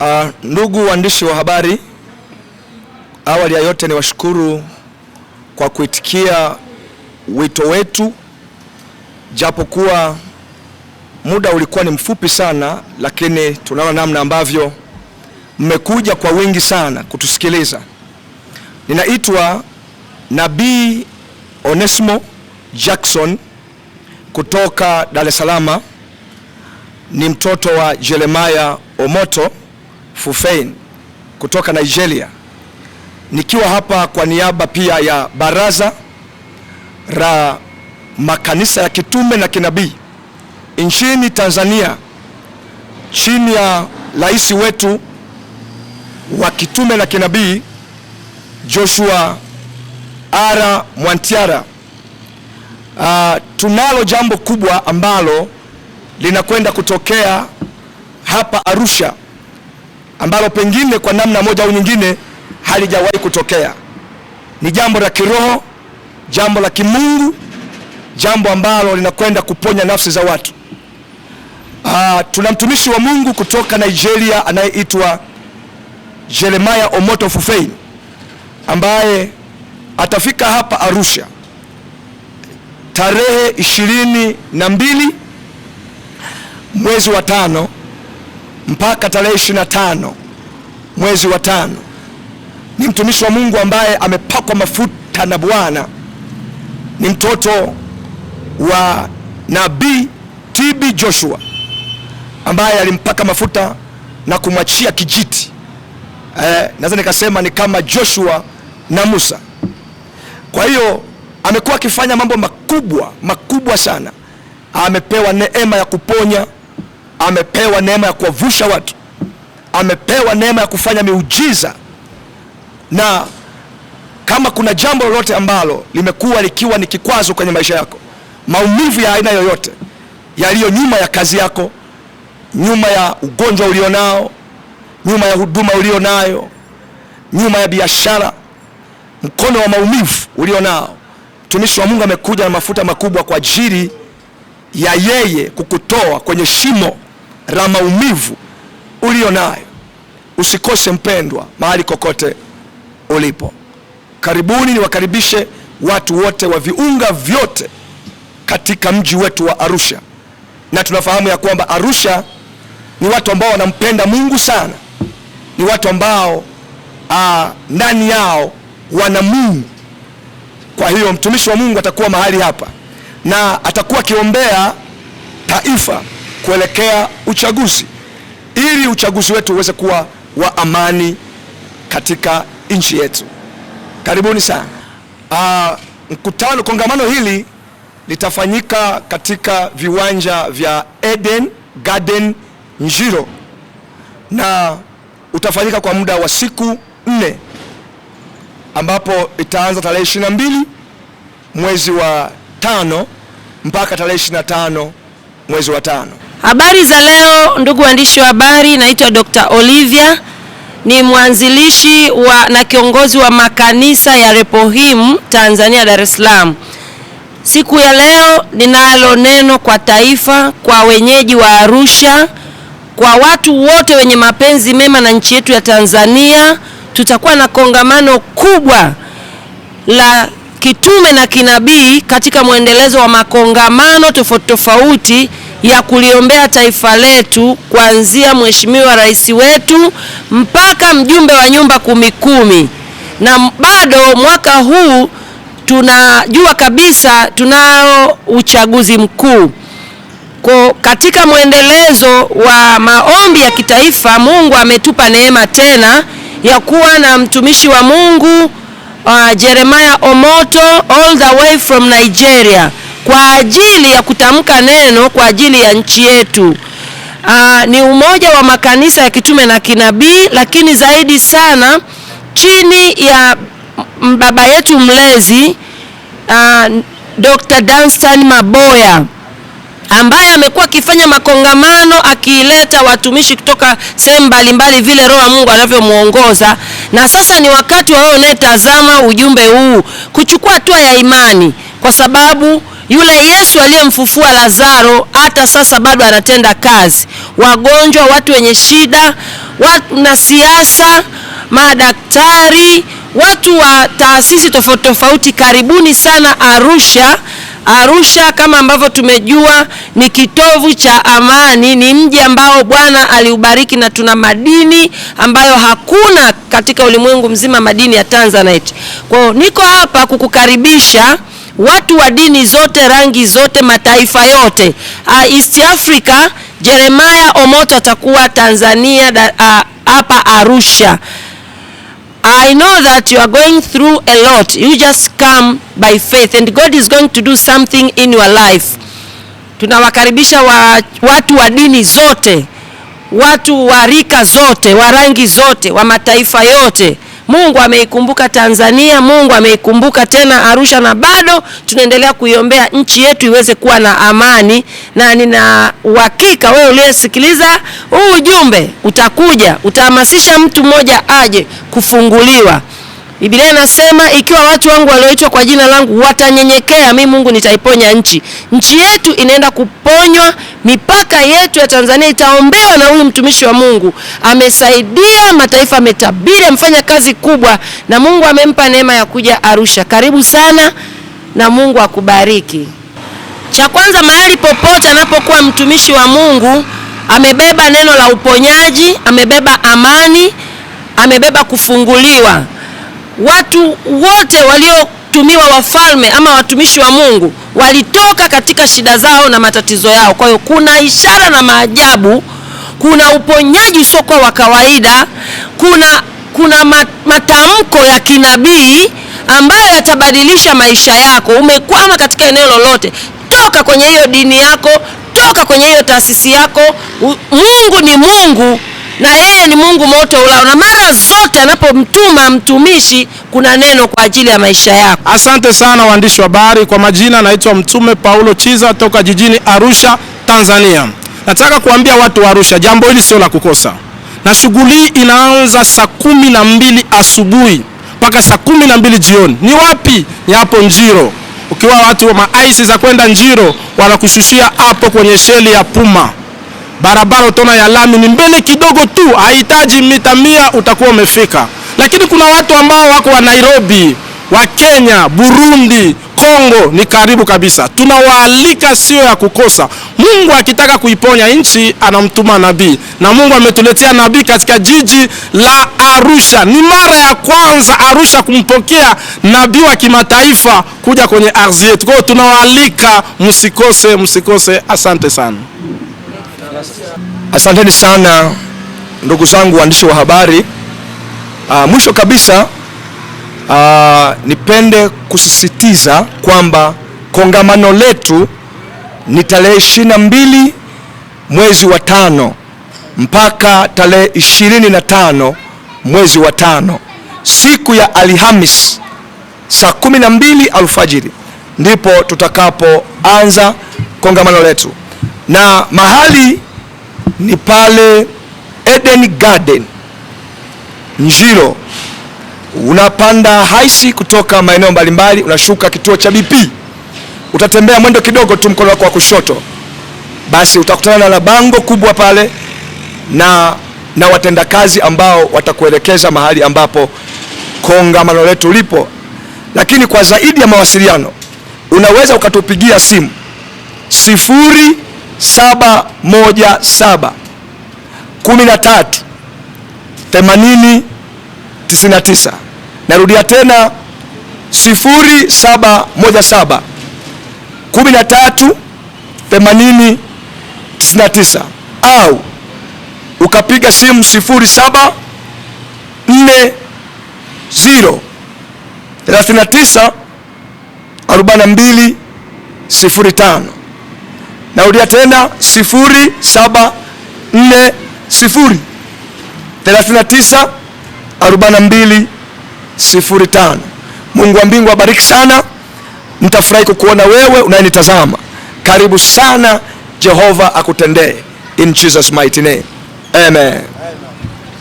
Uh, ndugu waandishi wa habari, awali ya yote ni washukuru kwa kuitikia wito wetu, japokuwa muda ulikuwa ni mfupi sana, lakini tunaona namna ambavyo mmekuja kwa wingi sana kutusikiliza. Ninaitwa Nabii Onesmo Jackson kutoka Dar es Salaam, ni mtoto wa Jeremiah Omoto Fufein kutoka Nigeria, nikiwa hapa kwa niaba pia ya baraza la makanisa ya kitume na kinabii nchini Tanzania chini ya rais wetu wa kitume na kinabii Joshua Ara Mwantiara. Uh, tunalo jambo kubwa ambalo linakwenda kutokea hapa Arusha ambalo pengine kwa namna moja au nyingine halijawahi kutokea. Ni jambo la kiroho, jambo la kimungu, jambo ambalo linakwenda kuponya nafsi za watu. Aa, ah, tuna mtumishi wa Mungu kutoka Nigeria anayeitwa Jeremiah Omoto Fufein ambaye atafika hapa Arusha tarehe ishirini na mbili mwezi wa tano mpaka tarehe tano mwezi wa tano. Ni mtumishi wa Mungu ambaye amepakwa mafuta na Bwana, ni mtoto wa nabii TB Joshua ambaye alimpaka mafuta na kumwachia kijiti eh, naweza nikasema ni kama Joshua na Musa. Kwa hiyo amekuwa akifanya mambo makubwa makubwa sana. Amepewa neema ya kuponya amepewa neema ya kuwavusha watu, amepewa neema ya kufanya miujiza. Na kama kuna jambo lolote ambalo limekuwa likiwa ni kikwazo kwenye maisha yako, maumivu ya aina yoyote yaliyo nyuma ya kazi yako, nyuma ya ugonjwa ulionao, nyuma ya huduma ulionayo, nyuma ya biashara, mkono wa maumivu ulionao, mtumishi wa Mungu amekuja na mafuta makubwa kwa ajili ya yeye kukutoa kwenye shimo la maumivu ulio nayo. Usikose mpendwa, mahali kokote ulipo. Karibuni, niwakaribishe watu wote wa viunga vyote katika mji wetu wa Arusha, na tunafahamu ya kwamba Arusha ni watu ambao wanampenda Mungu sana, ni watu ambao aa, ah, ndani yao wana Mungu. Kwa hiyo mtumishi wa Mungu atakuwa mahali hapa na atakuwa akiombea taifa kuelekea uchaguzi ili uchaguzi wetu uweze kuwa wa amani katika nchi yetu. Karibuni sana. Aa, ah, mkutano kongamano hili litafanyika katika viwanja vya Eden Garden Njiro na utafanyika kwa muda wa siku nne ambapo itaanza tarehe ishirini na mbili mwezi wa tano mpaka tarehe ishirini na tano mwezi wa tano. Habari za leo, ndugu waandishi wa habari, naitwa Dr. Olivia ni mwanzilishi wa, na kiongozi wa makanisa ya Repohim Tanzania Dar es Salaam. Siku ya leo ninalo neno kwa taifa, kwa wenyeji wa Arusha, kwa watu wote wenye mapenzi mema na nchi yetu ya Tanzania. Tutakuwa na kongamano kubwa la kitume na kinabii katika mwendelezo wa makongamano tofauti tofauti ya kuliombea taifa letu kuanzia Mheshimiwa Rais wetu mpaka mjumbe wa nyumba kumi kumi, na bado mwaka huu tunajua kabisa tunao uchaguzi mkuu. Kwa katika mwendelezo wa maombi ya kitaifa, Mungu ametupa neema tena ya kuwa na mtumishi wa Mungu uh, Jeremiah Omoto all the way from Nigeria kwa ajili ya kutamka neno kwa ajili ya nchi yetu. Aa, ah, ni umoja wa makanisa ya kitume na kinabii, lakini zaidi sana chini ya baba yetu mlezi aa, ah, Dr. Dunstan Maboya ambaye amekuwa akifanya makongamano akiileta watumishi kutoka sehemu mbalimbali vile Roho Mungu anavyomwongoza. Na sasa ni wakati wa wewe unayetazama ujumbe huu kuchukua hatua ya imani, kwa sababu yule Yesu aliyemfufua Lazaro hata sasa bado anatenda kazi. Wagonjwa, watu wenye shida, na siasa madaktari, watu wa taasisi tofauti tofauti, karibuni sana Arusha. Arusha kama ambavyo tumejua ni kitovu cha amani, ni mji ambao Bwana aliubariki na tuna madini ambayo hakuna katika ulimwengu mzima, madini ya Tanzanite. Kwa niko hapa kukukaribisha watu wa dini zote, rangi zote, mataifa yote. Uh, East Africa, Jeremiah Omoto atakuwa Tanzania ah, hapa uh, Arusha. I know that you are going through a lot. You just come by faith and God is going to do something in your life. Tunawakaribisha wa, watu wa dini zote, watu wa rika zote, wa rangi zote, wa mataifa yote. Mungu ameikumbuka Tanzania, Mungu ameikumbuka tena Arusha, na bado tunaendelea kuiombea nchi yetu iweze kuwa na amani, na nina uhakika wewe uliyesikiliza huu ujumbe utakuja, utahamasisha mtu mmoja aje kufunguliwa. Biblia inasema ikiwa watu wangu walioitwa kwa jina langu watanyenyekea, mimi Mungu nitaiponya nchi. Nchi yetu inaenda kuponywa, mipaka yetu ya Tanzania itaombewa na huyu mtumishi wa Mungu. Amesaidia mataifa, ametabiri, amefanya kazi kubwa, na Mungu amempa neema ya kuja Arusha. Karibu sana na Mungu akubariki. Cha kwanza, mahali popote anapokuwa mtumishi wa Mungu amebeba neno la uponyaji, amebeba amani, amebeba kufunguliwa watu wote waliotumiwa wafalme ama watumishi wa Mungu walitoka katika shida zao na matatizo yao. Kwa hiyo kuna ishara na maajabu, kuna uponyaji usiokuwa wa kawaida, kuna, kuna matamko ya kinabii ambayo yatabadilisha maisha yako. Umekwama katika eneo lolote, toka kwenye hiyo dini yako, toka kwenye hiyo taasisi yako. Mungu ni Mungu na yeye ni Mungu moto ulao, na mara zote anapomtuma mtumishi kuna neno kwa ajili ya maisha yako. Asante sana waandishi wa habari. Kwa majina naitwa Mtume Paulo Chiza toka jijini Arusha, Tanzania. Nataka kuambia watu wa Arusha, jambo hili sio la kukosa, na shughuli hii inaanza saa kumi na mbili asubuhi mpaka saa kumi na mbili jioni. Ni wapi? Ni hapo Njiro. Ukiwa watu wa maisi za kwenda Njiro, wanakushushia hapo kwenye sheli ya Puma barabara utaona ya lami ni mbele kidogo tu, hahitaji mita mia utakuwa umefika. Lakini kuna watu ambao wako wa Nairobi, wa Kenya, Burundi, Kongo, ni karibu kabisa. Tunawaalika, sio ya kukosa. Mungu akitaka kuiponya nchi anamtuma nabii, na Mungu ametuletea nabii katika jiji la Arusha. Ni mara ya kwanza Arusha kumpokea nabii wa kimataifa kuja kwenye ardhi yetu. Kwa hiyo tunawaalika, msikose, msikose. Asante sana. Asanteni sana ndugu zangu waandishi wa habari. Aa, ah, mwisho kabisa aa, ah, nipende kusisitiza kwamba kongamano letu ni tarehe ishirini na mbili mwezi wa tano mpaka tarehe ishirini na tano mwezi wa tano siku ya Alhamis saa kumi na mbili alfajiri ndipo tutakapoanza kongamano letu na mahali ni pale Eden Garden Njiro, unapanda haisi kutoka maeneo mbalimbali, unashuka kituo cha BP, utatembea mwendo kidogo tu mkono wako wa kushoto, basi utakutana na bango kubwa pale na, na watendakazi ambao watakuelekeza mahali ambapo kongamano letu lipo. Lakini kwa zaidi ya mawasiliano, unaweza ukatupigia simu sifuri saba moja saba kumi na tatu themanini tisini na tisa. Narudia tena sifuri saba moja saba kumi na tatu themanini tisini na tisa au ukapiga simu sifuri saba nne zero thelathini na tisa arobaini na mbili sifuri tano. Narudia tena 0740394205. Mungu wa mbingu abariki sana, nitafurahi kukuona wewe unayenitazama. Karibu sana, Jehova akutendee in Jesus mighty name. Amen.